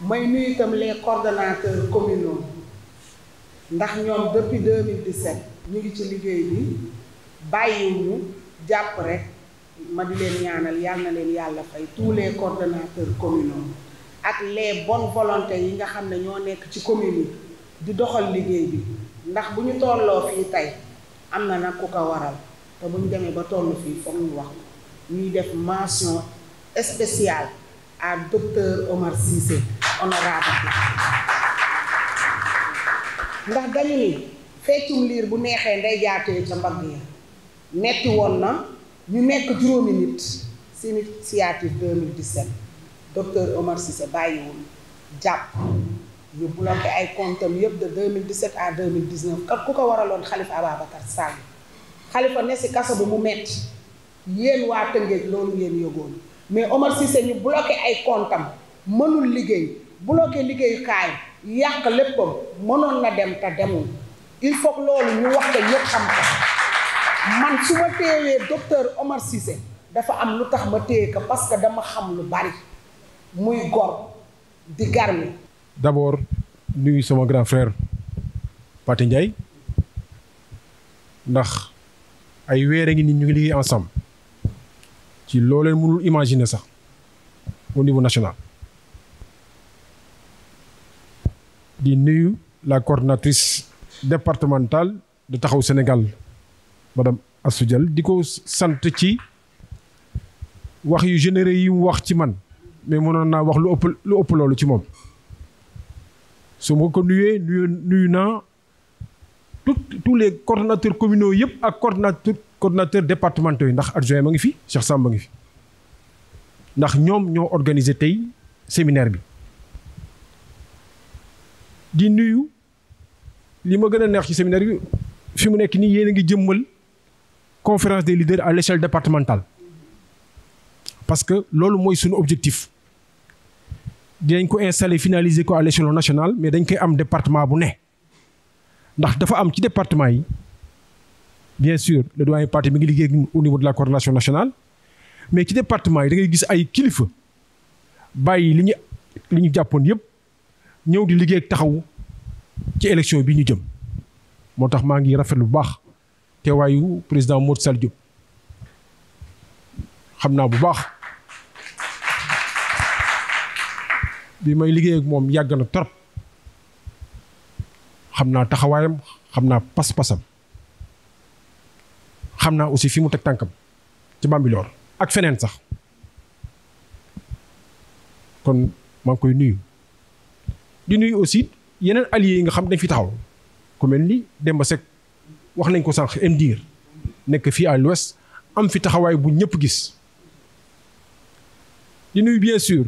may nuyu itam les coordonnateurs communaux ndax ñoom depuis 2017 ñu ngi ci liggéey bi ñu jàpp rek ma di leen ñaanal yàlla na leen yàlla fay tous les coordonnateurs communaux ak les bonnes volontés yi nga xam ne ñoo nekk ci commune yi di doxal liggéey bi ndax bu ñu tolloo fii tey am na nag ku ko waral te bu ñu demee ba toll fii foog ñu wax ñuy def mention spéciale à docteur Omar Cissé. honorable ndax dañu ni feccum liir bu neexee nday jaatee ca mbagg ya metti woon na ñu nekk juróomi nit si initiative 2017 docteur Omar Cissé bàyyiwul jàpp ñu bloqué ay comptam yépp de 2017 à 2019 kat ku ko waraloon Khalifa Ababacar Sall Khalifa ne si kaso bu mu metti yéen waa Tëngéej loolu yéen yëgoon mais Omar Cissé ñu bloqué ay comptam mënul liggéey bloqué kay yak leppam mënoon na dem ta demul il faut que loolu ñu wax ko ñepp xam ko man suma téwé docteur Omar Cissé dafa am lu tax ma téé ko parce que dama xam lu bari muy gor di garmi d'abord nuyu sama grand frère Paté Ndiaye ndax ay wéré a ngi ni ñu ngi liggéey ensemble ci lolé mënul imaginer sax au niveau national di nuyu la coordinatrice départementale de taxaw Sénégal madame Assou Dial di ko sant ci wax yu généreux yi mu wax ci man mais mënoon naa wax lu ëpp lu ëpp loolu ci moom su ma ko nuyee nuyu nuyu naa tout tous les coordinateurs communaux yëpp ak coordinateur coordonnateurs départementaux yi ndax adjoint ma ngi fi Cheikh Samba ngi fi ndax ñoom ñoo organiser tey séminaire bi di nuyu li ma gën a neex ci séminaire bi fi mu nekk nii yéen a ngi conférence des leaders à l'échelle départementale parce que loolu mooy suñu objectif dinañ ko installer finaliser ko à l'échelon nationale, mais dañ koy am département bu ne ndax dafa am ci département yi bien sûr le doyen parti mi ngi liggéey au niveau de la coordination nationale mais ci département yi da ngay gis ay kilifa bàyyi li ñu li ñëw di liggéey ak taxawu ci élection bi ñu jëm moo tax maa ngi rafet lu baax te waayu président Modou Sall Diop xam naa bu baax bi may liggéey ak moom yàgg na trop xam naa taxawaayam xam naa pas-pasam xam naa aussi fi mu teg tànkam ci Bambilor ak feneen sax kon maa ngi koy nuyu di nuy aussi yeneen alliés yi nga xam dañ fi taxaw ku mel ni Demba wax nañ ko sànq MDIR nekk fii à l'ouest am fi taxawaay bu ñëpp gis di nuyu bien sûr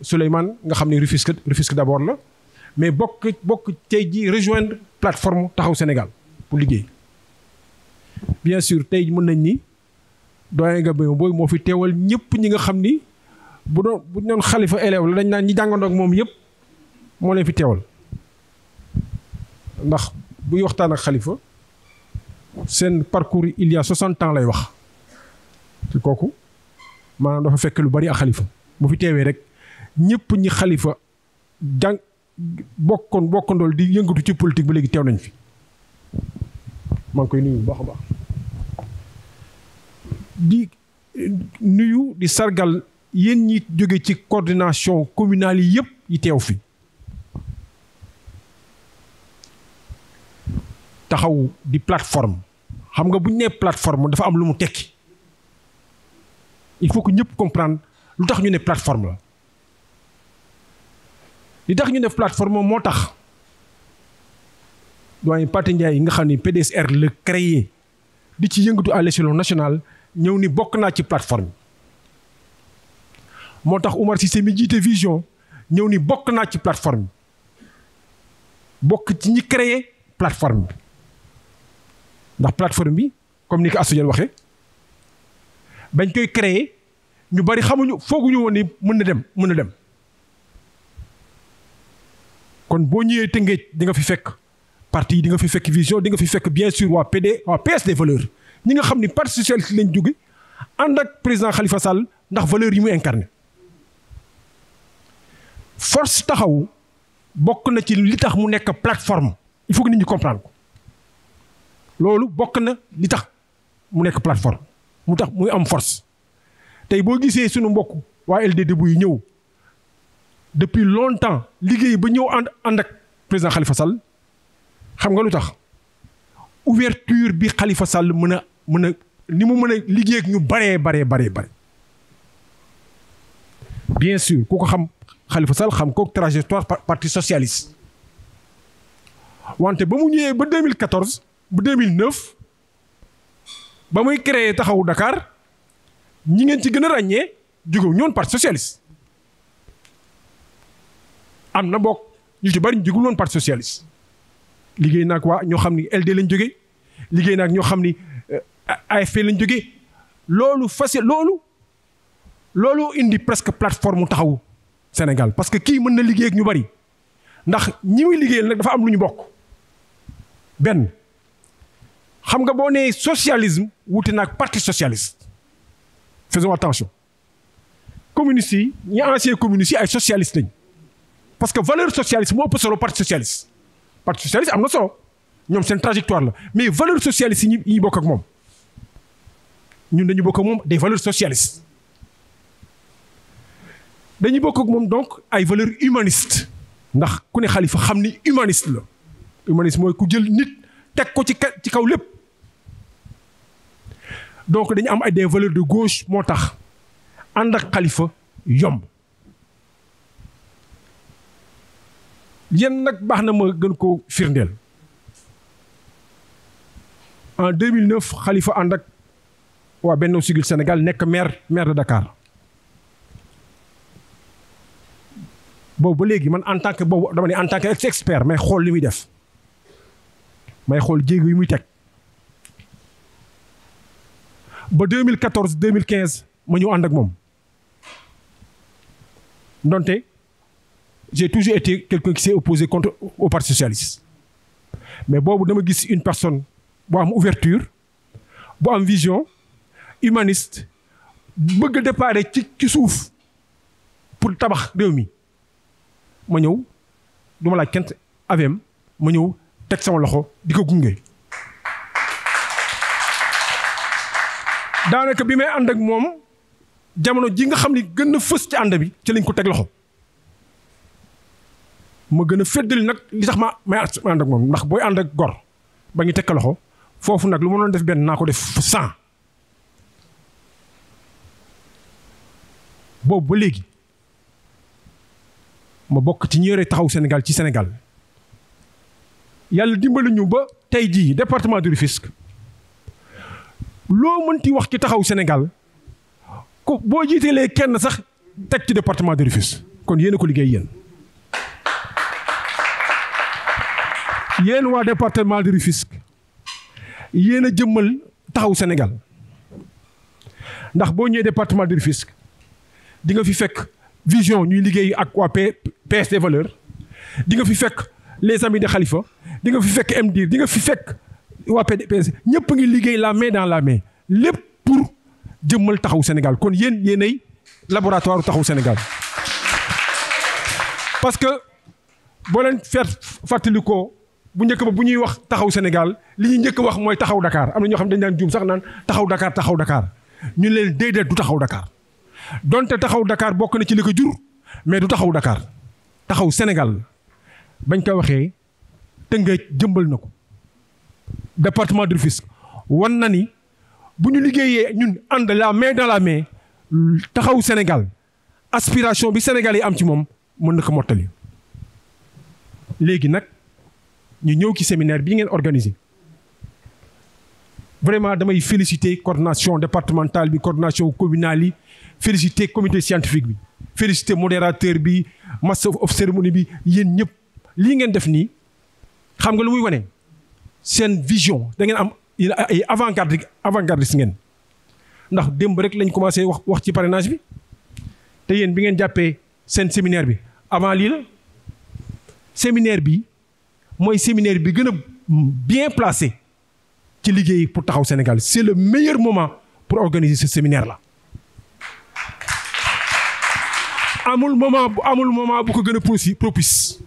Souleymane nga xam ne Rufisque Rufisque d'abord la mais bokk bokk tey ji rejoindre plateforme taxaw Sénégal pour liggéey bien sûr tey mën nañ ni nga Gabé Mboy moo fi teewal ñëpp ñi nga xam ni bu doon bu doon xalifa élève la dañ naan ñi jàngandoo ak moom yëpp moo leen fi teewal ndax buy waxtaan ak xalifa seen parcours il y a 60 ans lay wax te kooku maanaam dafa fekk lu bari ak xalifa bu fi teewee rek ñëpp ñi xalifa jàng bokkoon bokkandool di yëngatu ci politique ba léegi teew nañ fi maa ngi koy nuyu bu baax a baax di nuyu di sargal yéen ñi jóge ci coordination communale yi yëpp yi teew fi taxaw di plateforme xam nga bu ñu plateforme dafa am lu mu tekki il faut que ñëpp comprendre lu tax ñu ne plateforme la li tax ñu ne plateforme moo tax doyen Pathé Ndiaye nga xam ni PDSR le créé di ci yëngatu à l'échelon national ñëw ni bokk naa ci plateforme moo tax Umar Cissé mi jiite vision ñëw ni bokk naa ci plateforme bokk ci ñi créé plateforme bi ndax plateforme bi comme ni ko Astou waxe waxee bañ koy créer ñu bari xamuñu fooguñu woon ni mën na dem mën na dem kon boo ñëwee Tëngéej di nga fi fekk parti di nga fi fekk vision di nga fi fekk bien sûr wa PD wa PS des valeurs ñi nga xamni parti socialiste lañ jóge and ak président Khalifa Sall ndax valeur yi mu incarné force taxaw bokk na ci li tax mu nekk plateforme il faut que nit ñi comprendre loolu bokk na li tax mu nekk plateforme mu tax muy am force tey boo gisee sunu mbokk waa LD Debout yi ñëw depuis longtemps liggéey ba ñëw ànd ànd ak président xalifa Sall xam nga lu tax ouverture bi xalifa Sall mën a mën a ni mu mën a liggéey ak ñu baree baree baree bare bien sûr ku ko xam xalifa Sall xam ko trajectoire parti socialiste wante ba mu ñëwee ba 2014 bu 2009 ba muy créer taxawu Dakar ñi ngeen ci gën a ràññee jógewu ñoon parti socialiste am na bokk ñu ci bari ñu jógul woon parti socialiste liggéey nag waa ñoo xam ni LD lañ jóge liggéey naag ñoo xam ni euh, AFP lañ jógee loolu fas loolu loolu indi presque plateforme taxawu Sénégal parce que kii mën na liggéey ak ñu bari ndax ñi muy liggéeyal nag dafa am lu ñu bokk benn xam nga boo socialisme ou un parti socialiste faisons attention communistes y a anciens communistes yi ay socialistes socialiste, parce que valeur socialiste je ne le parti socialiste parti socialiste am na solo C'est une trajectoire là, mais valeur socialiste yi sont bokk ak ñun dañu bokk des valeurs socialistes dañu bokk ak monde, donc ay valeurs humanistes ndax avons humanistes. Khalifa xam humaniste la humaniste donc dañu am ay des valeurs de gauche motax tax ànd ak xalifa yomb yéen nag baax ma gën ko firndel en 2009 khalifa ànd ak waa Benno Siggil Sénégal nek maire maire de Dakar boobu ba légui man en tant que boobu dama ne en tant que expert Mais xol li muy def may xol jéego yi muy teg. En 2014 2015 ma ñu en ak mom j'ai toujours été quelqu'un qui s'est opposé contre au parti socialiste mais si dama gis une personne a une ouverture une am vision humaniste qui a départ ci ci pour le tabac mi ma en train de laaj kent avem ma ñëw teg sama loxo diko daanaka bi may ànd ak moom jamono ji nga xam ni gën na fës ci ànd bi ci lañ ko teg loxo ma gën a féddali nag li tax ma may ànd ak moom ndax booy ànd ak gor ba ñu teg loxo foofu nag lu ma doon def benn naa ko def cent boobu ba léegi ma bokk ci ñi yore taxaw senegal ci senegal yàlla dimbali ñu ba tey jii departement de Rufisque loo mënti wax ci taxaw Sénégal ko boo jiitelee kenn sax teg ci département de Rufisque kon yéen ko liggéey yéen. yéen waa département de Rufisque yéen a jëmmal taxaw Sénégal ndax boo ñëwee département de Rufisque di nga fi fekk vision ñuy liggéey ak waa PSD valeur di nga fi fekk les amis de Khalifa di nga fi fekk MDIR di nga fi fekk. waa PDS ñëpp ngi liggéey la main dans la main lépp pour jëmmal taxaw Sénégal kon yéen yéenay laboratoire taxaw Sénégal parce que bo leen feet fàttalikoo bu ñëkk ba bu ñuy wax taxaw Sénégal li ñuy njëkk wax mooy taxaw Dakar am na ñoo xam dañ daan juum sax naan taxaw Dakar taxaw Dakar ñu leen déedéet du taxaw Dakar donte taxaw Dakar bokk na ci li ko jur mais du taxaw Dakar taxaw Sénégal bañ ko waxee Tëngéej jëmbal na ko département du fisc on a ni que ñun la main dans la main taxaw Sénégal aspiration bi Sénégal yi am ci mom mën ko mottali. légui nak ñu ñëw ci séminaire bi ngeen organisé vraiment damay féliciter coordination départementale bi coordination communale yi féliciter comité scientifique bi féliciter modérateur bi master of cérémonie bi yeen ñëpp li ngeen def ni xam nga lu muy seen vision da ngeen am ay avant-garde avant-gardiste ngeen ndax démb rek lañ commencé wax wax ci parrainage bi te yéen bi ngeen jàppee seen séminaire bi avant lii la séminaire bi mooy séminaire bi gën a bien placé ci liggéey pour taxaw Sénégal c'est le meilleur moment pour organiser ce séminaire là. amul moment bu amul moment bu ko gën a propice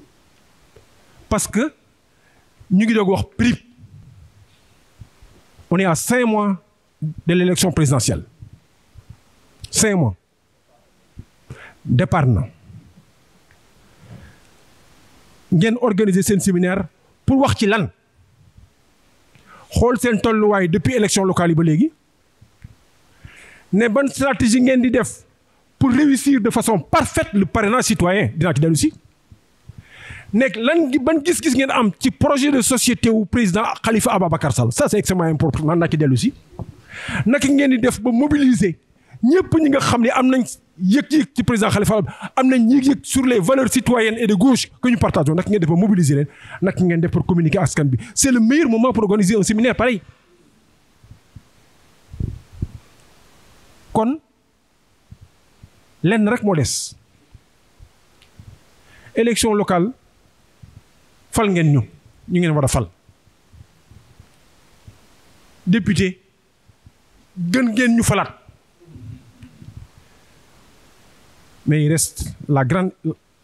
parce que ñu ngi doog wax prix on est à cinq mois de l'élection présidentielle. Cinq mois. Départ Nous avons organisé ce séminaire pour voir qui lan Nous avons fait depuis élection locale yi ba bonne ne bonne stratégie di pour réussir de façon parfaite le parrainage citoyen de la Russie nek lan ban gis-gis ngeen am ci projet de société wu président Khalifa ababakar Sall ça c'est extrêmement important man naa ci nak si naka ngeen di def ba mobiliser ñepp ñi nga xamni am nañ ci président Khalifa am nañ yek sur les valeurs citoyennes et de gauche que ñu partageons nak ngeen def ba mobiliser leen naka ngeen def pour communiquer askan bi c'est le meilleur moment pour organiser un séminaire pareil kon lenn rek mo dess élection locale fal ngeen ñu ñu ngeen député mais il reste la grande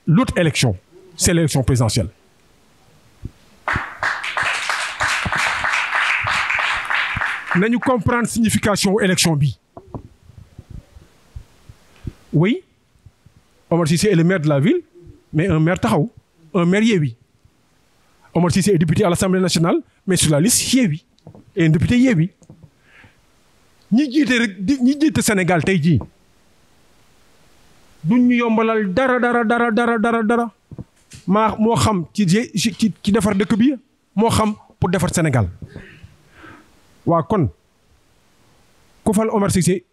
l'autre élection c'est l'élection présidentielle comprenons la signification élection bi oui Omar le maire de la ville mais un maire taxaw un maire oui, Omar Sissé est député à l'Assemblée nationale mais sur la liste Yewwi et un député Yewwi Ni jiite rek ñi jiite Sénégal tey nous duñ ñu yombalal dara dara dara dara dara dara Ma moo xam ci ci ci defar dëkk bi moo xam pour defar Sénégal Wa kon ku fal Omar Cissé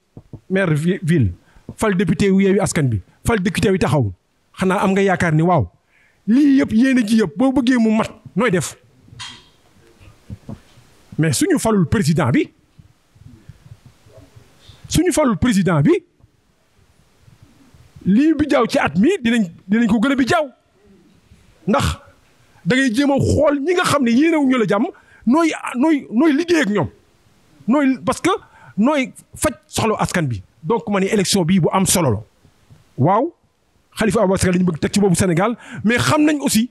maire ville fal député wu Yewwi Askan Wi fal député wi taxaw xanaa am nga yaakaar ni waaw lii yep, yéen a ji yëpp boo bëggee mat nooy def mais suñu le président bi suñu le président bi Li bi jaaw ci at mi dinañ dinañ ko gën a bi jaaw ndax da ngay jëma xol ñi nga xam ne ñu la jamm noy noy noy liggéey ak ñom noy parce que noy fajj soxlo askan bi donc mané élection bi bu am solo la waaw Khalifa Ababacar li ñu bëgg tek ci bobu Sénégal mais xam nañ aussi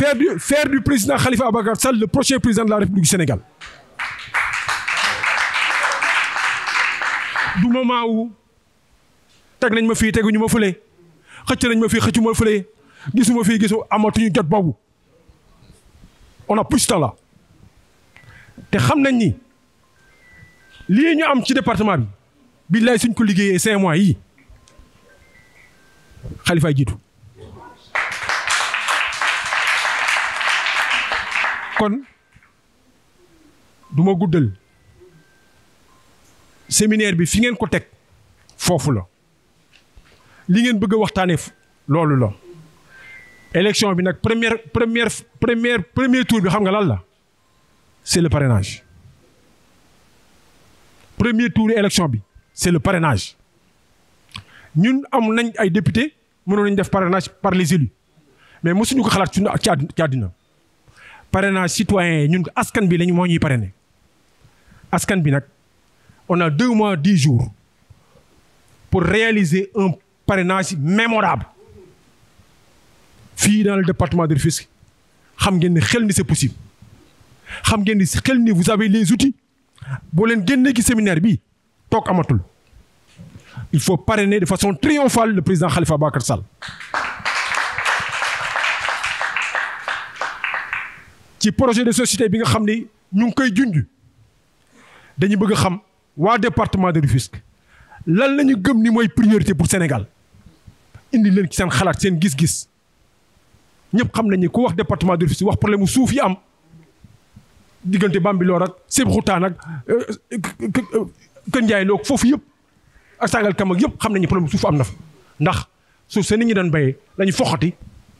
faire du, faire du président Khalifa Abakar Sall le prochain président de la République du Sénégal. du moment où teg nañ ma fii teguñu ma fële xëcc nañ ma fii xëccu ma fële gisuma fii gisu amatuñu jot bobu on a plus de temps là té xam nañ ni li ñu am ci département bi billahi suñ ko liggéeyee 5 mois yi Khalifa jiitu. kon du ma séminaire bi fi ngeen ko teg foofu la li ngeen bëgg a la. élection bi nag première première première premier tour bi xam nga lan la c'est le parrainage premier tour élection bi c'est le parrainage ñun am nañ ay député mënoon nañ def parrainage par les élus mais mosuñu ko xalaat ci àddina parrainage citoyen ñun askan bi lañ moo ñuy parrainé askan bi on a deux mois dix jours pour réaliser un parrainage mémorable fii dans le département de fisc, xam ngeen ni xel c'est possible xam ngeen ni xel vous avez les outils vous leen génnee ci séminaire bi toog amatul il faut parrainer de façon triomphale le président Khalifa Bakar Sall ci projet de société bi nga xam ni ñu ngi koy junj dañu bëgg a xam waa département de Rufisque lan la ñu gëm ni mooy priorité pour Sénégal indi leen ci seen xalaat seen gis-gis ñëpp xam nañu ku wax département de Rufisque wax problème suuf yi am diggante Bambilor ak Sébikotane ak euh, Kër Ndiaye Lo foofu yëpp ak kam ak yëpp xam nañu problème suuf am na fa ndax suuf seen nit ñi doon béyee lañu foxati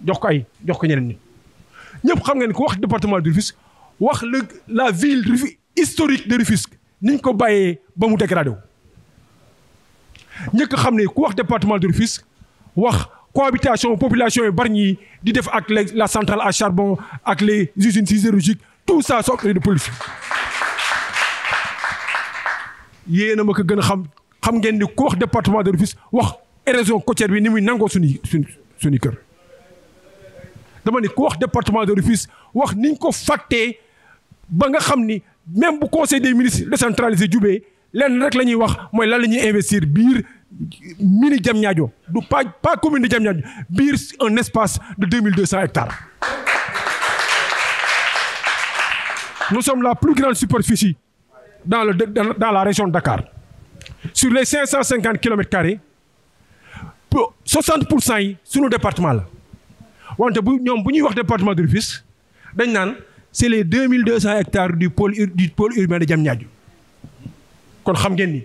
jox ko ay jox ko ñeneen ñi ñëpp xam ngeen ko wax département de Rufisque wax le la ville historique de Rufisque niñ ko bàyyee ba mu dégradé wu. ñëkk xam ne ku wax département de Rufisque wax cohabitation population yu bari ñi di def ak la centrale à charbon ak les usines sidérurgiques tout ça sont créés de pollution. yéena ma ko gën a xam xam ngeen ni ku wax département de Rufisque wax érosion côtière bi ni muy nangoo suñuy suñu suñu kër dama ni ko wax département de Rufisque wax niñ ko faté ba nga même bu conseil des ministres décentralisé jubee lenn rek lañuy wax moy lan lañuy investir biir mini Diamniadio du pas pas commune de Diamniadio biir un espace de 2200 hectares. nous sommes la plus grande superficie dans le dans la région de Dakar sur les 550 km, 60% sur nos départements. département wante bu département de c'est les 2200 hectares du pôle du pôle urbain de Diamniadio kon ni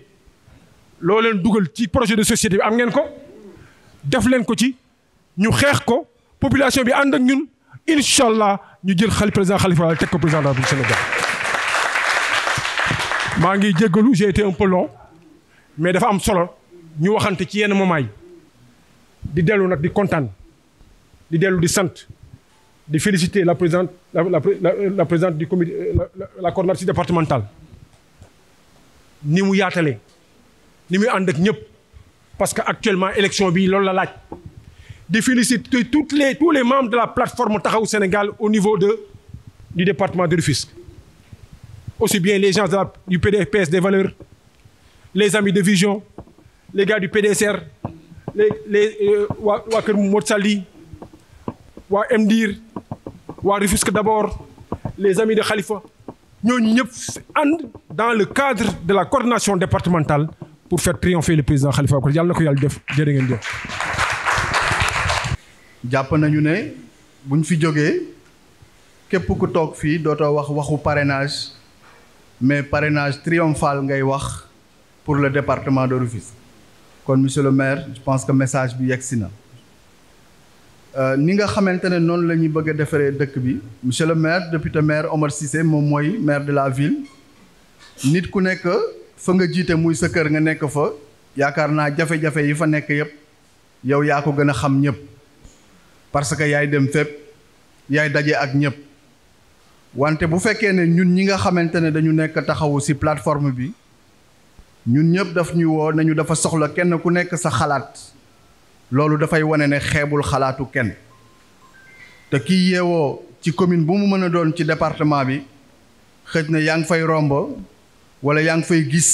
projet de société bi ko population est ànd ak ñun nous ñu jël président Khalifa président du Sénégal j'ai été un peu long mais dafa am solo ñu waxante ci yenn moment di di dellu di centre, de féliciter la présidente la la la présidente du comité euh, la départementale ni mu nimou ni parce qu'actuellement, l'élection élection bi la féliciter toutes les tous les membres de la plateforme Tarao Sénégal au niveau de du département de Rufisque aussi bien les gens du PDFPS des valeurs les amis de Vision les gars du PDSR les les euh, Motsali, waa MDIR waa que d'abord les amis de Khalifa nous ñëpp dans le cadre de la coordination départementale pour faire triompher le président Khalifa Ababacar yàlla ko yalla def jere ngeen jëf. jàpp nañu né buñ fi joggé képp ku tok fi doto wax waxu parrainage mais parrainage triomphal ngay wax pour le département de Rufisque kon monsieur le maire je pense que le message est excellent. Euh, ni nga xamante ne noonu la ñuy bëgg a defaree dëkk bi monsieur le maire député maire Omar Cissé moom mooy maire de la ville nit ku nekk fa nga jiite muy sa kër nga nekk fa yaakaar naa jafe-jafe yi fa nekk yëpp yow yaa ko gën a xam ñëpp parce que yaay dem fépp yaay daje ak ñëpp wante bu fekkee ne ñun ñi nga xamante ne dañu nekk taxawu ci plateforme bi ñun ñëpp daf ñu woo nañu dafa soxla kenn ku nekk sa xalaat loolu dafay wane ne xeebul xalaatu kenn te kii yeewoo ci commune bu mu mën a doon ci département bi xëj na yaa ngi fay romb wala yaa ngi fay gis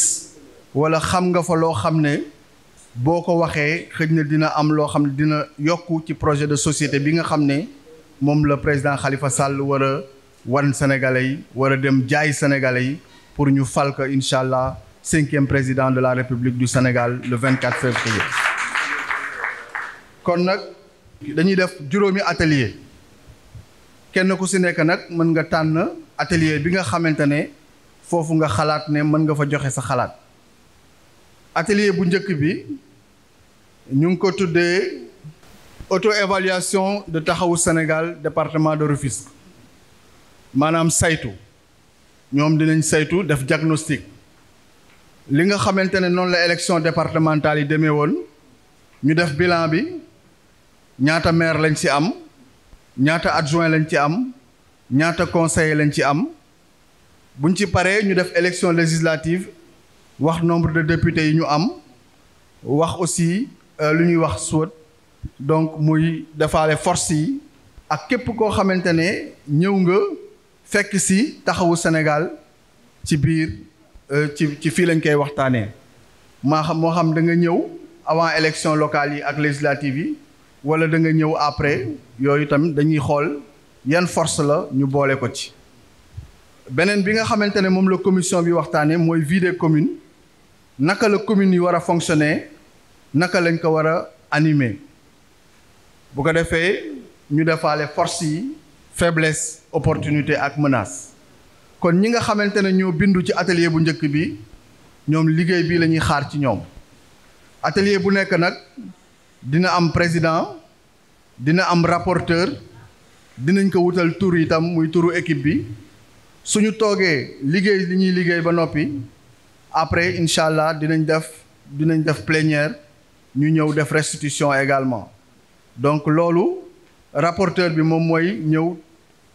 wala xam nga fa loo xam ne boo ko waxee xëj na dina am loo xam dina yokk ci projet de société bi nga xam ne moom président Khalifa Sall war a wan sénégalais yi war a dem jaay sénégalais pour ñu fal ko incha allah cinquième président de la république du Sénégal le 24 février. kon nag dañuy def juróomi atelier kenn ku si nekk nag mën nga tànn atelier bi nga xamante ne foofu nga xalaat ne mën nga fa joxe sa xalaat atelier bu njëkk bi ñu ngi ko tuddee auto-évaluation de taxawu Sénégal département de Rufisque maanaam saytu ñoom dinañ saytu def diagnostic li nga xamante ne noonu la élection départementale yi demee woon ñu def bilan bi ñaata maire lañ ci am ñaata adjoint lañ ci am ñaata conseiller lañ ci am buñ ci paree ñu def élection législative wax nombre de députés yi ñu am wax aussi euh, lu ñuy wax soit donc muy defaale force yi ak képp koo xamante ne ñëw nga fekk ci taxawu Sénégal ci biir euh, ci ci fii lañ koy waxtaanee maa xam moo xam da nga ñëw avant élection locale yi ak législative yi wala da nga ñëw après yooyu tamit dañuy xool yan force la ñu boole ko ci beneen bi nga xamante ne moom la commission bi waxtaanee mooy vie des naka la communes yi war a fonctionner naka lañ ko war a animer bu ko defee ñu defaale force yi faiblesse opportunité ak menace kon ñi nga xamante ne ñoo bindu ci atelier bu njëkk bi ñoom liggéey bi la ñuy xaar ci ñoom atelier bu nekk nag dina am président dina am rapporteur dinañ ko wutal tour itam muy touru équipe bi suñu toogee liggéey li ñuy liggéey ba nopi après inshallah dinañ def dinañ def plénière ñu ñëw def restitution également donc lolu rapporteur bi mom moy ñëw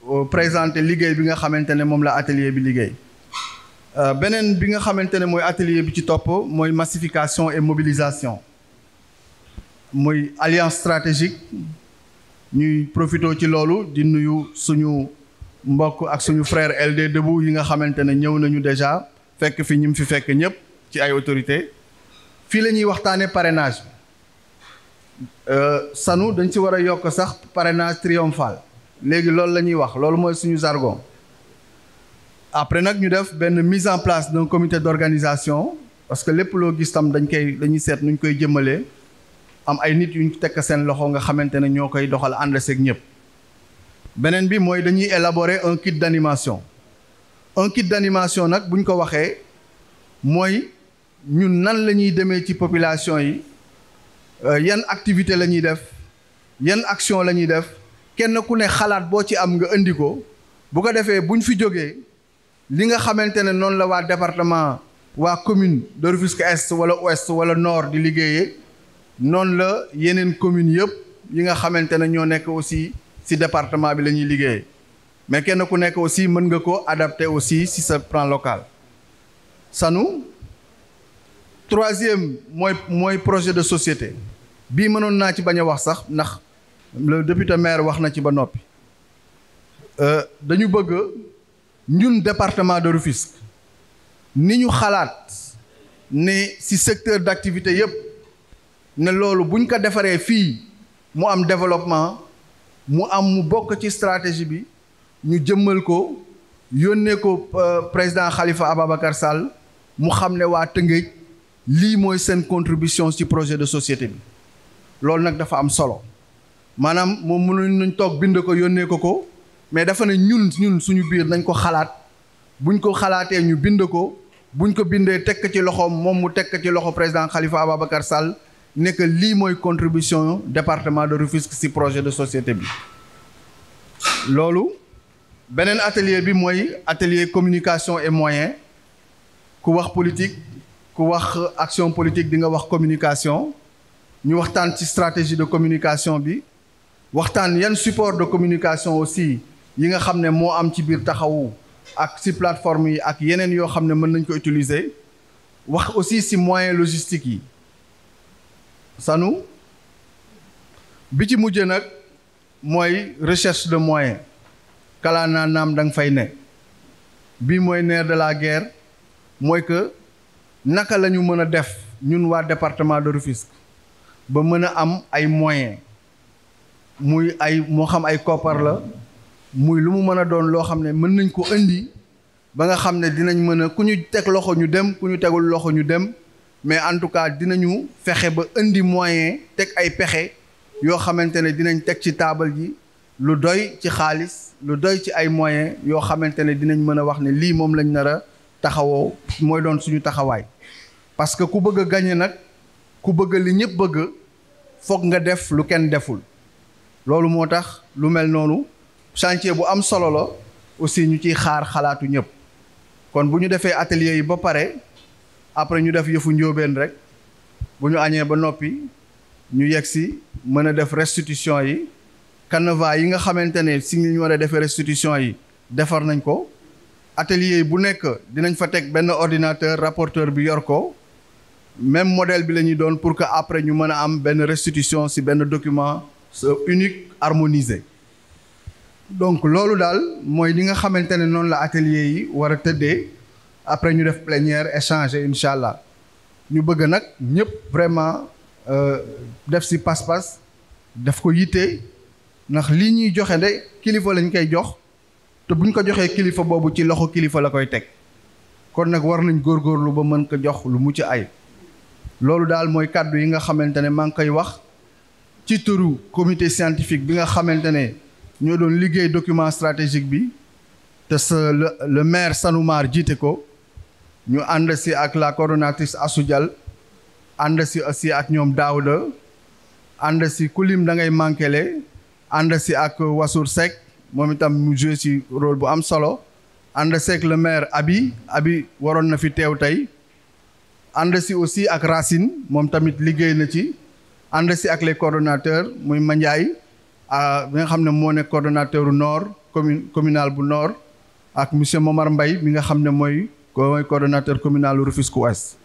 euh, présenter liggéey bi nga xamantene mom la atelier bi liggéey euh, benen bi nga xamantene moy atelier bi ci topp moy massification et mobilisation moy alliance stratégique ñuy profito ci lolu di nuyu suñu mbokk ak suñu frère LD Debout yi nga xamantene ñew nañu déjà fekk fi ñim fi fekk ñep ci ay autorité fi lañuy ñuy parrainage euh sanu dañ ci wara yok sax parrainage triomphal légui lolu lañuy wax lolu moy suñu jargon après nak ñu def ben mise en place d'un comité d'organisation parce que lepp lo gis tam dañ koy dañuy seet nuñ koy jëmeulé am ay nit yuñ tekk seen loxo nga xamante ne ñoo koy doxal ànd seeg ñëpp beneen bi mooy dañuy élaborer un kit d'animation un kit d'animation nag buñ ko waxee mooy ñun nan la ñuy demee ci population yi euh, yan activité la ñuy def yenn action la ñuy def kenn ku ne xalaat boo ci am nga indi ko bu ko defee buñ fi jógee li nga xamante ne noonu la waa département waa commune de Rufisque Est wala Ouest wala noor di liggéeyee Non la yeneen commune yëpp yi nga xamante ne ñoo nekk aussi ci département bi la ñuy liggéey mais kenn ku nekk aussi mën nga ko adapter aussi si sa plan local sanu troisième mooy mooy projet de société bii mënoon naa ci bañ a wax sax ndax le député maire wax na ci ba noppi euh, dañu bëgg ñun département de Rufisque ni ñu xalaat ne ci secteur d'activité yëpp ne loolu buñ ko defaree fii mu am développement mu am mu bokk ci stratégie bi ñu jëmmal ko yónnee ko euh, président xalifa Ababacar Sall mu xam ne waa Tëngéej lii mooy seen contribution ci projet de société bi loolu nag dafa am solo maanaam moom mënuñ nañ toog bind ko yónnee ko ko mais dafa ne ñun ñun suñu biir nañ ko xalaat buñ ko xalaatee ñu bind ko buñ ko bindee tekk ci loxoom moom mu tekk ci loxo président xalifa Ababacar Sall ne que lii moy contribution département de que ci projet de société bi lolu un atelier bi moy atelier communication et moyens ku wax politique ku wax action politique di nga wax communication ñu waxtaan ci stratégie de communication bi waxtaan yan support de communication aussi yi nga xam mo am ci bir taxawu ak ci plateforme yi ak yeneen yo xam meun nañ ko utiliser wax aussi ci moyens logistiques yi sanu bi ci mujj nag mooy recherche de moyen kalaa naa naam da nga fay ne bii mooy neer de la guerre mooy que naka la ñu mën a def ñun waa département de Rufisque ba mën a am ay moyen muy ay moo xam ay koppar la muy lu mu mën a doon loo xam ne mën nañ ko indi ba nga xam ne dinañ mën a ku ñu teg loxo ñu dem ku ñu tegul loxo ñu dem mais en tout cas dinañu fexe ba indi moyen teg ay pexe yoo xamante ne dinañ teg ci taabal ji lu doy ci xaalis lu doy ci ay moyen yoo xamante ne dinañ mën a wax ne lii moom lañ nar a taxawoo mooy doon suñu taxawaay parce que ku bëgg a gañe nag ku bëgg li ñëpp bëgg foog nga def lu kenn deful loolu moo tax lu mel noonu chantier bu am solo la aussi ñu ciy xaar xalaatu ñëpp kon bu ñu defee atelier yi ba pare après nous def yëfu njóobeen rek bu ñu ba ñu def restitution yi canevas yi nga si restitution yi defar nañ ko atelier ordinateur rapporteur bi même modèle pour que après ñu mën restitution si benn document unique harmonisé donc loolu daal mooy li nga xamante la atelier après ñu def plénière échanger incha ñu bëgg nak ñëpp vraiment euh def ci pas-pas daf ko yité nak li ñuy joxé de kilifa lañ koy jox té buñ ko joxé kilifa bobu ci loxo kilifa la koy teg kon nak war nañ gor gor lu ba mën ko jox lu mucc ay lolu dal moy cadeau yi nga xamante ne maa koy wax ci turu comité scientifique bi nga xamante ñoo doon liggéey document stratégique bi te sa le maire Sanoumar jiite ko ñu ànd si ak la coronatrice Assoujal ànd si aussi ak ñoom Daouda ànd si kulim da ngay manquele ànd si ak Wassour sek moom itam mu joué si rôle bu am solo ànd le maire Abi Abi waroon na fi teew tey ànd si aussi ak Racine moom tamit liggéey na ci ànd si ak les coordonnateurs muy Mandiaye bi nga xam ne moo nord commune communal bu nord ak monsieur Momar mbay mi nga xam ne ko mooy coordonnateur communal Rufisque Ouest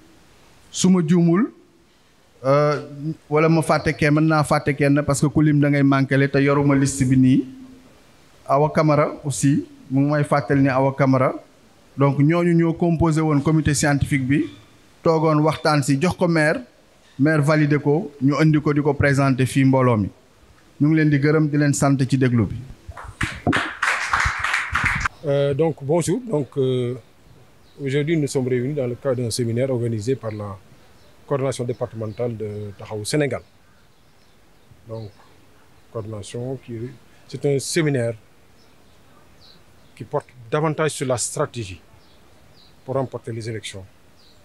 su ma juumul euh, wala ma fàtte kenn mën naa fàtte kenn parce que ku lim da ngay manquele te yoruma liste bi nii Awa Camara aussi mu may fàttali ni Awa Camara donc ñooñu ñoo composé woon comité scientifique bi toogoon waxtaan si jox ko maire maire validé ko ñu indi ko di ko présenté fii mbooloo mi ñu ngi leen di gërëm di leen sant ci déglu bi. Euh, euh, Aujourd'hui, nous sommes réunis dans le cadre d'un séminaire organisé par la coordination départementale de Tahaou Sénégal. Donc, coordination qui... C'est un séminaire qui porte davantage sur la stratégie pour remporter les élections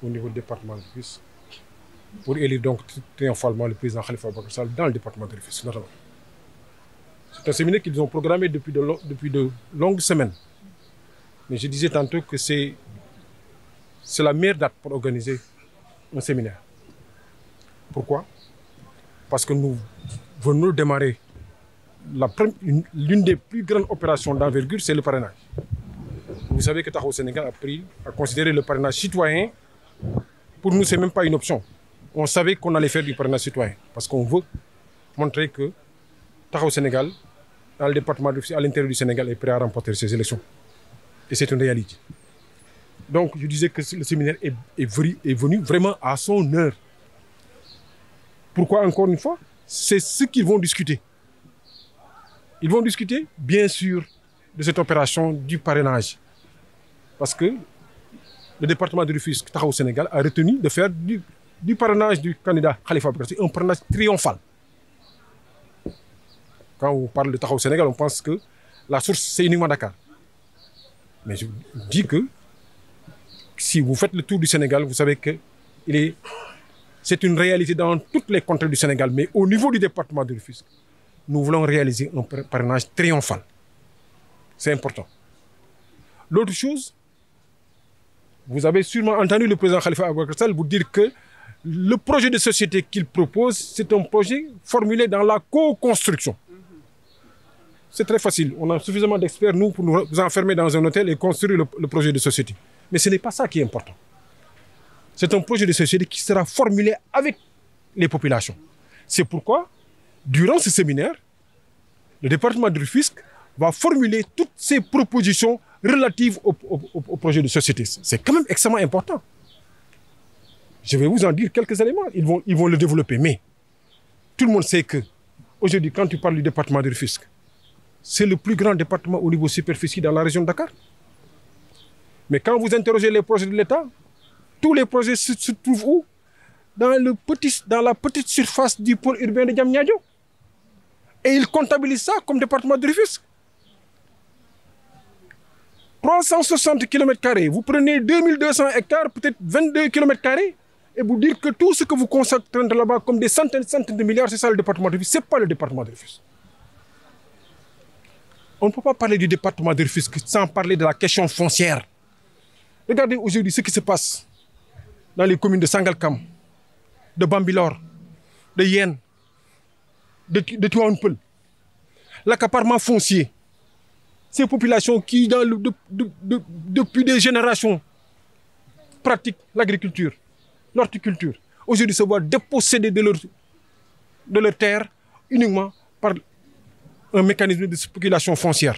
au niveau du département de Fils, pour élire donc triomphalement le président Khalifa Bakr dans le département de Fils, notamment. C'est un séminaire qu'ils ont programmé depuis de, depuis de longues semaines. Mais je disais tantôt que c'est c'est la meilleure date pour organiser un séminaire. Pourquoi Parce que nous venons de démarrer l'une des plus grandes opérations d'envergure, c'est le parrainage. Vous savez que Tahoe Sénégal a pris à considérer le parrainage citoyen. Pour nous, ce n'est même pas une option. On savait qu'on allait faire du parrainage citoyen parce qu'on veut montrer que Tahoe Sénégal, dans le département à l'intérieur du Sénégal, est prêt à remporter ces élections. Et c'est une réalité. Donc, je disais que le séminaire est, venu vraiment à son heure. Pourquoi, encore une fois C'est ce qu'ils vont discuter. Ils vont discuter, bien sûr, de cette opération du parrainage. Parce que le département de Tahoe au Sénégal, a retenu de faire du, parrainage du candidat Khalifa Aboubacar un parrainage triomphal. Quand on parle de Tahoe au Sénégal, on pense que la source, c'est uniquement Dakar. Mais je dis que si vous faites le tour du Sénégal, vous savez que c'est une réalité dans toutes les contrées du Sénégal. Mais au niveau du département de Rufus, nous voulons réaliser un parrainage triomphal. C'est important. L'autre chose, vous avez sûrement entendu le président Khalifa Abouakrissal vous dire que le projet de société qu'il propose, c'est un projet formulé dans la co-construction. C'est très facile. On a suffisamment d'experts, nous, pour nous enfermer dans un hôtel et construire le projet de société. Mais ce n'est pas ça qui est important. C'est un projet de société qui sera formulé avec les populations. C'est pourquoi, durant ce séminaire, le département du fisc va formuler toutes ses propositions relatives au, projet de société. C'est quand même extrêmement important. Je vais vous en dire quelques éléments. Ils vont, ils vont le développer. Mais tout le monde sait que aujourd'hui, quand tu parles du département du fisc, c'est le plus grand département au niveau superficie dans la région de Dakar. Mais quand vous interrogez les projets de l'État, tous les projets se, trouvent où dans, le petit, dans la petite surface du pôle urbain de Diamniadio. Et ils comptabilisent ça comme département de refus. 360 km, vous prenez 2200 hectares, peut-être 22 km, et vous dire que tout ce que vous consacrez là-bas comme des centaines et centaines de milliards, c'est ça le département de refus. Ce n'est pas le département de refus. On ne peut pas parler du département de refus sans parler de la question foncière. Regardez aujourd'hui ce qui se passe dans les communes de Sangalkam, de Bambilor, de Yen, de, de L'accaparement foncier. Ces populations qui, depuis des générations, pratiquent l'agriculture, l'horticulture, aujourd'hui se voient dépossédées de leur, de leur terre uniquement par un mécanisme de spéculation foncière.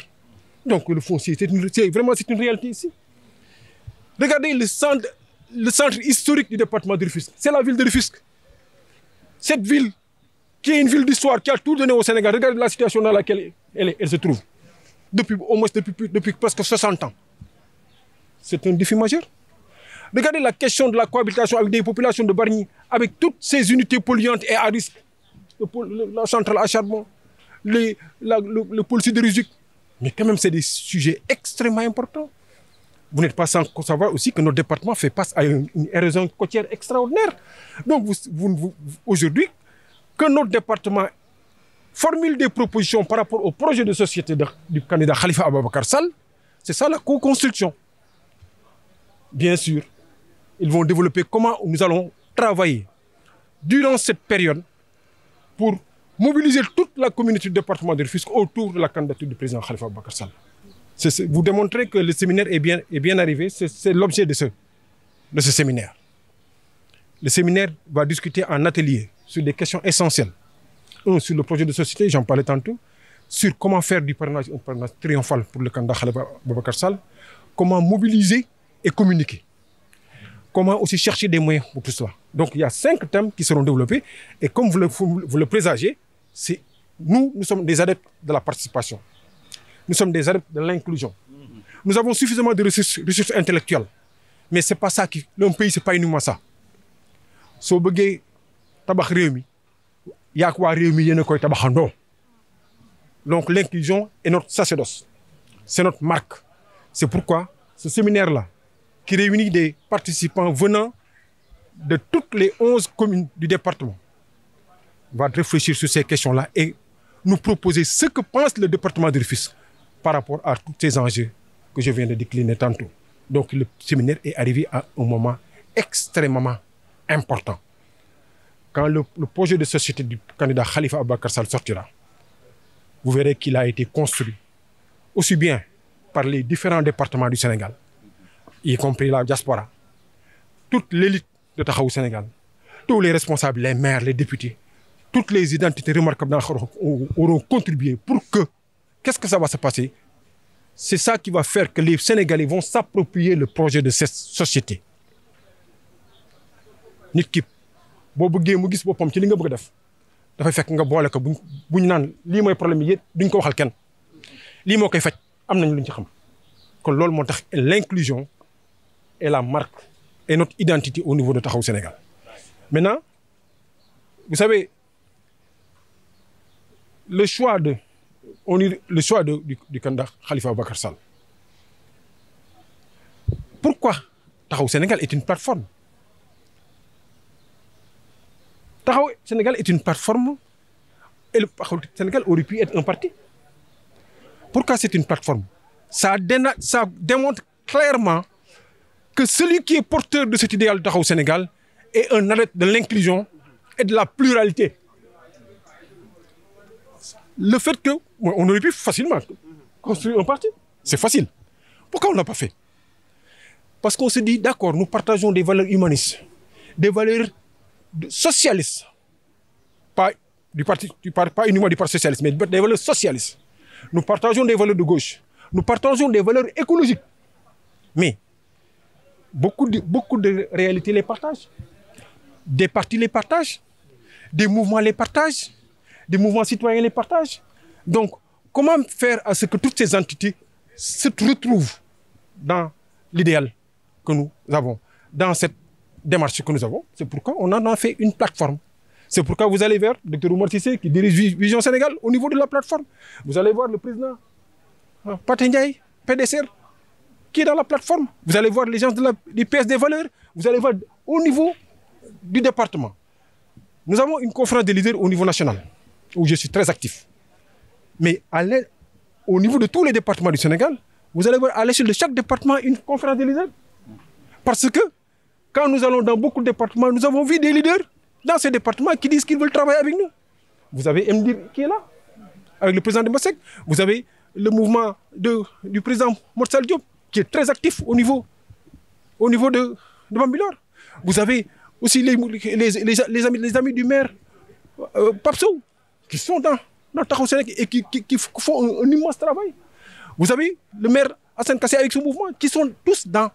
Donc le foncier, c'est vraiment une réalité ici. Regardez le centre, historique du département de Rufisque. C'est la ville de Rufisque. Cette ville, qui est une ville d'histoire, qui a tout donné au Sénégal, regardez la situation dans laquelle elle, se trouve. Depuis, au moins depuis, presque 60 ans. C'est un défi majeur. Regardez la question de la cohabitation avec des populations de Barni, avec toutes ces unités polluantes et à risque. Le, la centrale à charbon, le, pôle sud de Mais quand même, c'est des sujets extrêmement importants. Vous n'êtes pas sans savoir aussi que notre département fait face à une, une érosion côtière extraordinaire. Donc aujourd'hui, que notre département formule des propositions par rapport au projet de société du candidat Khalifa Ababakar Sall, c'est ça la co-construction. Bien sûr, ils vont développer comment nous allons travailler durant cette période pour mobiliser toute la communauté du département de autour de la candidature du président Khalifa Ababakar Sall vous démontrez que le séminaire est bien, est bien arrivé, c'est l'objet de ce, de ce séminaire. Le séminaire va discuter en atelier sur des questions essentielles. Un, sur le projet de société, j'en parlais tantôt, sur comment faire du parrainage triomphal pour le candidat Khaled comment mobiliser et communiquer, comment aussi chercher des moyens pour tout cela. Donc il y a cinq thèmes qui seront développés et comme vous le, vous le présagez, nous, nous sommes des adeptes de la participation. Nous sommes des adeptes de l'inclusion. Nous avons suffisamment de ressources, intellectuelles. Mais c'est pas ça qui. Le pays, c'est pas uniquement ça. Si il y a donc l'inclusion est notre sacerdoce c'est notre marque c'est pourquoi ce séminaire là qui réunit des participants venant de toutes les 11 communes du département va réfléchir sur ces questions là et nous proposer ce que pense le département de par rapport à tous ces enjeux que je viens de décliner tantôt. Donc le séminaire est arrivé à un moment extrêmement important. Quand le, projet de société du candidat Khalifa Abakar sortira, vous verrez qu'il a été construit aussi bien par les différents départements du Sénégal, y compris la diaspora, toute l'élite de Tahaou Sénégal, tous les responsables, les maires, les députés, toutes les identités remarquables auront contribué pour que Qu'est-ce que ça va se passer C'est ça qui va faire que les Sénégalais vont s'approprier le projet de cette société. Nous, ki boo bëggee mu gis boppam ci li nga bëgg a faire dafay fekk nga boole ko buñ buñ naan lii mooy problème yi duñ ko waxal kenn lii moo koy faj luñ l'inclusion est la marque et notre identité au niveau de Taxawu Sénégal maintenant vous savez le choix de on est le choix du, du, candidat Khalifa Bakarsal. Pourquoi Tahaou Sénégal est une plateforme Tahaou Sénégal est une plateforme et le Sénégal aurait pu être un parti. Pourquoi c'est une plateforme ça, démontre clairement que celui qui est porteur de cet idéal Tahaou Sénégal est un adepte de l'inclusion et de la pluralité. Le fait que on aurait pu facilement construire un parti. C'est facile. Pourquoi on n'a pas fait Parce qu'on se dit, d'accord, nous partageons des valeurs humanistes, des valeurs socialistes, pas, du parti, pas uniquement du Parti socialiste, mais des valeurs socialistes. Nous partageons des valeurs de gauche, nous partageons des valeurs écologiques. Mais beaucoup de, beaucoup de réalités les partagent. Des partis les partagent, des mouvements les partagent, des mouvements citoyens les partagent. Donc, comment faire à ce que toutes ces entités se retrouvent dans l'idéal que nous avons, dans cette démarche que nous avons C'est pourquoi on en a fait une plateforme. C'est pourquoi vous allez voir le Dr Oumar qui dirige Vision Sénégal au niveau de la plateforme. Vous allez voir le président euh, Ndiaye, PDCR, qui est dans la plateforme. Vous allez voir les gens de la, du PS des valeurs. Vous allez voir au niveau du département. Nous avons une conférence des leaders au niveau national où je suis très actif. Mais au niveau de tous les départements du Sénégal, vous allez voir à l'échelle de chaque département une conférence des leaders. Parce que quand nous allons dans beaucoup de départements, nous avons vu des leaders dans ces départements qui disent qu'ils veulent travailler avec nous. Vous avez Mdir qui est là, avec le président de Massek. Vous avez le mouvement de, du président Morsal Diop, qui est très actif au niveau, au niveau de, de Bambilor. Vous avez aussi les, les, les, les amis, du maire euh, Papsou, qui sont dans qui, font un, immense travail. Vous avez le maire Hassan Kassé avec ce mouvement, qui sont tous dans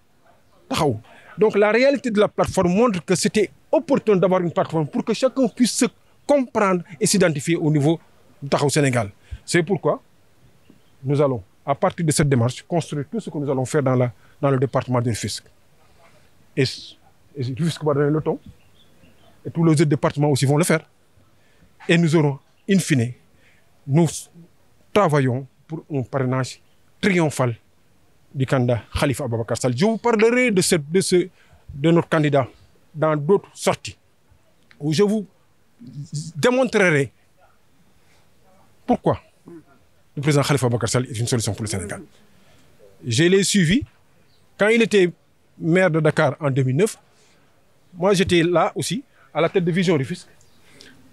Tahou. Donc la réalité de la plateforme montre que c'était opportun d'avoir une plateforme pour que chacun puisse se comprendre et s'identifier au niveau de Sénégal. C'est pourquoi nous allons, à partir de cette démarche, construire tout ce que nous allons faire dans, le département du FISC Et, le FISC va donner le ton. Et tous les autres départements aussi vont le faire. Et nous aurons, in fine, nous travaillons pour un parrainage triomphal du candidat Khalifa Ababakar Sall. Je vous parlerai de, notre candidat dans d'autres sorties où je vous démontrerai pourquoi le président Khalifa Ababakar est une solution pour le Sénégal. Je l'ai suivi quand il était maire de Dakar en 2009. Moi, j'étais là aussi, à la tête de Vision Rufusque,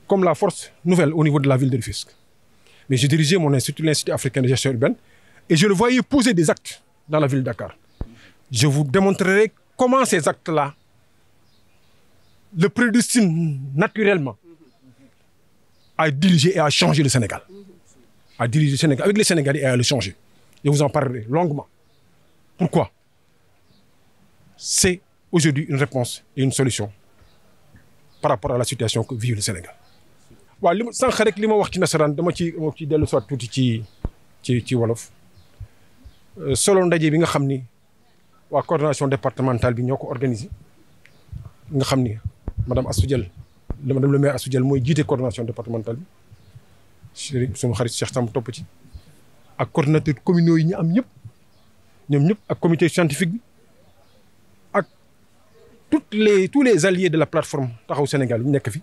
comme la force nouvelle au niveau de la ville de Rufusque mais j'ai dirigé mon institut, l'Institut africain de gestion urbaine, et je le voyais poser des actes dans la ville de Dakar. Je vous démontrerai comment ces actes-là le prédestinent naturellement à diriger et à changer le Sénégal. À diriger le Sénégal avec les Sénégalais et à le changer. Je vous en parlerai longuement. Pourquoi C'est aujourd'hui une réponse et une solution par rapport à la situation que vit le Sénégal. waaw li ma sànq rek li ma wax ci nasaraan dama ci dama ci dellu soit tuuti ci ci ci wolof euh, solo ndaje bi nga xam ni waa coordination départementale bi ñoo ko organisé nga xam ni madame Astou Dial madame le maire Astou Dial mooy jiite coordination départementale bi Chérif sunu xarit Cheikh Samb topp ci ak coordinateur communo yi ñu am ñëpp ñoom ñëpp ak comité scientifique bi ak toutes les tous les alliés de la plateforme taxaw Sénégal yi nekk fi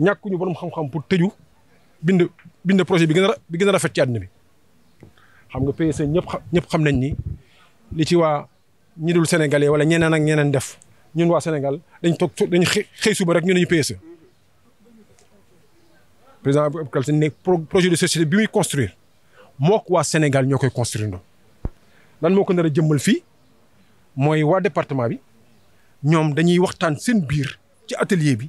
ñàkkuñu borom xam-xam pour tëju bind bind projet bi gën a bi gën rafet ci àdduna bi xam nga PSE ñëpp ñëpp xam nañ ni li ci waa ñi dul sénégalais wala ñeneen ak ñeneen def ñun waa Sénégal dañ toog dañ xëy suba rek ñu ne ñu PSE. président Abdou Karim ne projet de société bi muy construire mook waa Sénégal ñoo koy construire ndox lan moo ko nar a jëmmal fii mooy waa département bi ñoom dañuy waxtaan seen biir ci atelier bi.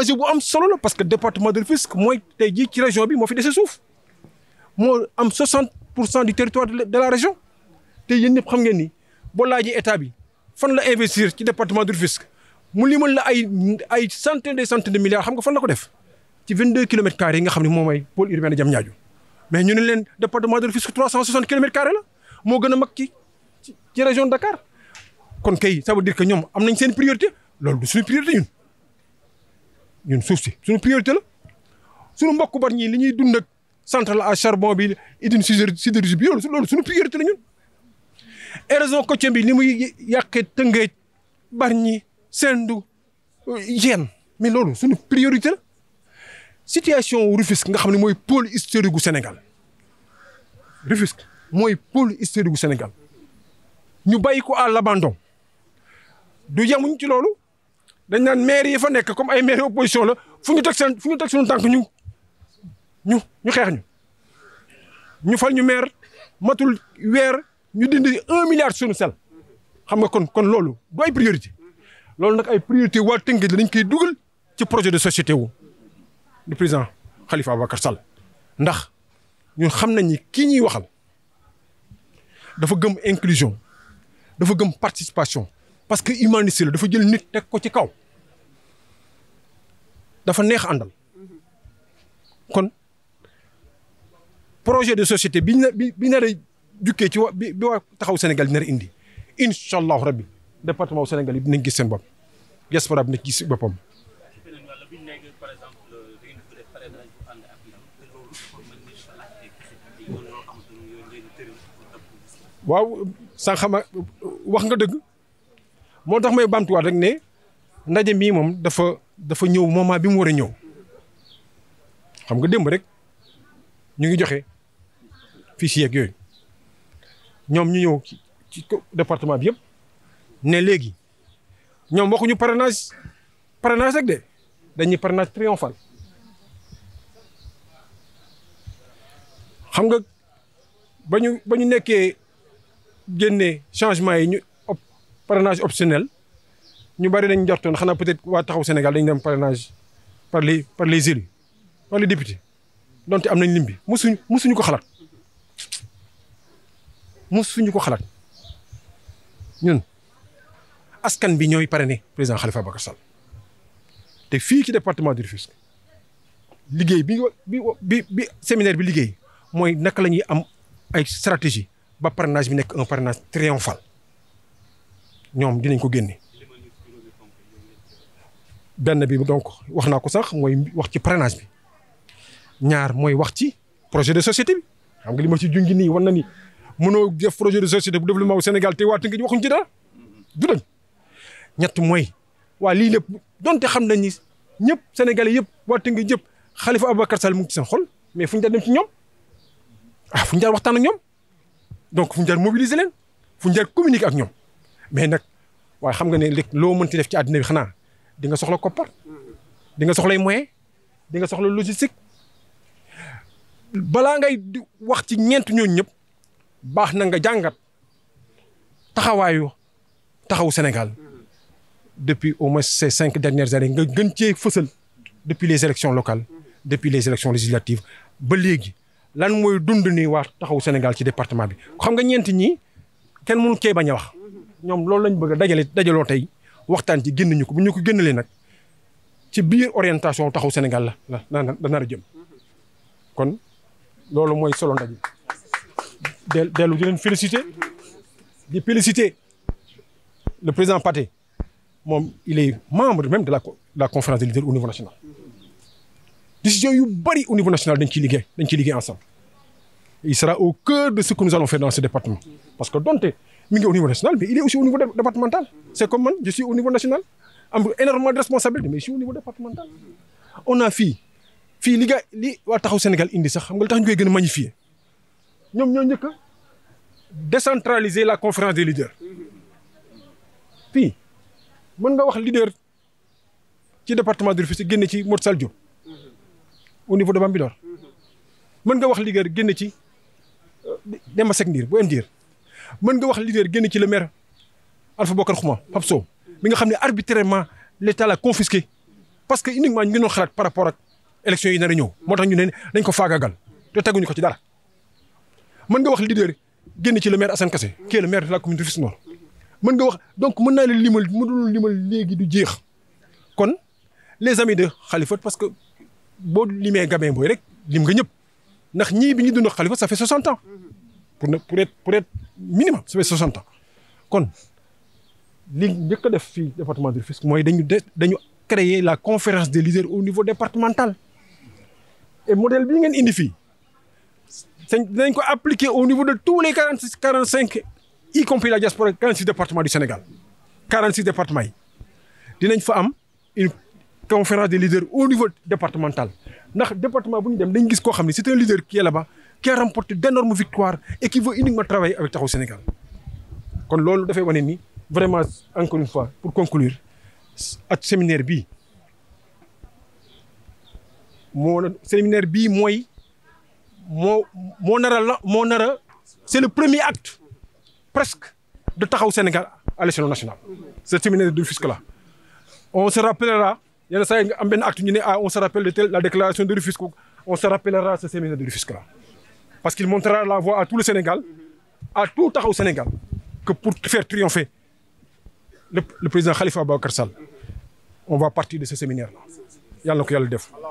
enjeu ah, bu am solo la parce que département de Rufisque moy tay ji ci région bi mo fi dese suuf am 60 du territoire de la région tay yéen ñëpp xam ngeen ni boo laajee état bi fan la investir ci département de Rufisque mu limal la ay ay centaines de centaines de milliards xam nga fan la ko def ci 22 km carrés yi nga xam ne moom mooy pôle urbain de Diamniadio mais ñu ne len département de Rufisque 360 km carrés la mo gën mak ci ci région de Dakar kon kay ça veut dire que ñom am nañ seen priorité lolou du suñu priorité ñun. ñun suuf si suñu priorité la sunu mbokku bar ñi li ñuy dund ak centrale à charbon bi usine sidérurgie bi loolu loolu suñu priorité la ñun érosion côtière bi ni muy yàqee Tëngéej bar ñi sendu yeen mais loolu suñu priorité la situation Rufisque nga xam ne mooy pôle istérigu gu Sénégal Rufisque mooy pôle istérigu gu Sénégal ñu bàyyi ko à l'abandon du yemuñ ci loolu dañ nan maire comme maire opposition la fuñu tek maire matul un milliard sur sel xam nga kon kon priorité Nous nak ay priorité wa dañ projet de société wu président Khalifa abakar Sall ndax ñu xam nañ ni ki ñi inclusion dafa gëm participation parce que humaniste la dafa jël nit teg ko ci kaw dafa neex àndal kon projet de société bi ñu bi bi a jukkee ci wa bi waa taxaw Sénégal nar a indi incha allahu rabbi département Sénégal yi dinañ gis seen bopp diaspora bi dina gis boppam. waaw sànq ma wax nga dëgg. moo tax may bamtuwaat rek ne ndaje mii moom dafa dafa ñëw moment bi mu war a ñëw xam nga démb rek ñu ngi joxe fiches yeeg yooyu ñoom ñu ñëw ci département bi yëpp ne léegi ñoom waxuñu parrainage parrainage rek de dañuy parrainage triomphal xam nga ba ñu ba ñu nekkee génne changement yi parrainage optionnel Nous avons peut-être au Sénégal un parrainage par les par les élus par les députés nous am nañ limbi nous askan bi parrainé président Khalifa Nous Sall ici, département du Fisc. bi bi bi séminaire de Nous sommes am stratégie un parrainage triomphal ñom dinañ ko benn bi donc wax naa ko sax mooy wax ci parrainage bi projet de société bi nga li ma ci ni projet de société bu développement au Sénégal waxuñ ci donte xam nañ ni ñëpp sénégalais yëpp yëpp Khalifa Sall mu ci seen xol mais fu ñu dem ci ah donc mobiliser leen communiquer mais nag waaye xam nga ne lo loo mënti def ci aduna bi xana di nga soxla koppar di nga soxlay moyen di nga soxla logistique bala ngay wax ci ñent ñooñu ñep bax na nga jangat taxawayu taxaw Sénégal depuis au moins ces cinq dernières années nga gën ci fësal depuis les élections locales depuis les élections législatives ba légui lan moy dund ni wa taxaw Sénégal ci département bi xam nga ñent ñi kenn mënu kee baña wax ñom loolu lañ bëgg a dajalo tay tey waxtaan ci génn ñuko bu ñuko ko nak ci biir orientation taxaw Sénégal la la na la nar jëm kon loolu moy solo ndaje. delu dellu di leen féliciter di féliciter le président paté mom il est membre même de la de la conférence des leaders au niveau national. décision yu bari au niveau national dañ ci liggé dañ ci liggé ensemble. il sera au cœur de ce que nous allons faire dans ce département parce que donté mi au niveau national mais il est aussi au niveau départemental c'est comme moi, je suis au niveau national a énormément de responsabilités, mais je suis au niveau départemental on a fait, Fi li gars li wa Sénégal indi sax xam nga tax ñu koy décentraliser la conférence des leaders les mën nga wax leader ci département de Rufisque génne ci au niveau de Bambilor mën nga wax leader génne ci euh, Demba Seck Ndir bu mën nga wax leader génn ci le maire Alpha Bokar Xuma Pape Sow mi nga xam ne arbitrairement l'état l'a confisqué parce que uniquement ñu ngi doon xalaat par rapport ak élection yi nar a ñëw moo tax ñu ne dañ ko faagaagal te teguñu ko ci dara mën nga wax leader génn ci le maire Assane Kassé qui le maire de la commune de Rufisque Nord mën nga wax donc mën naa leen limal mënul limal léegi du jeex kon les amis de Khalifa parce que boo limee gamee boy rek lim nga ñëpp ndax ñii bi ñu dund Khalifa ça fait 60 ans pour être pour être minimum ça fait 60 ans quand li njëkk def département de la conférence des leaders au niveau départemental et le modèle que ngeen indi c'est appliqué au niveau de tous les 46 45 y compris la diaspora 46 départements du Sénégal 46 départements Nous avons fa une conférence des leaders au niveau départemental le département c'est un leader qui est là-bas qui a remporté d'énormes victoires et qui veut uniquement travailler avec au Sénégal kon loolu dafay wane ni vraiment encore une fois pour conclure ce séminaire bi, Mon séminaire bi, c'est le premier acte presque de au Sénégal à l'échelon national ce séminaire de Rufisque là on se rappellera il y a un am acte ñu ah, on se rappelle de la déclaration de Rufisque on se rappellera ce séminaire de Rufisque là parce qu'il montrera la voie à tout le Sénégal, à tout au Sénégal, que pour faire triompher le, président Khalifa Abou on va partir de ce séminaire-là. Yalla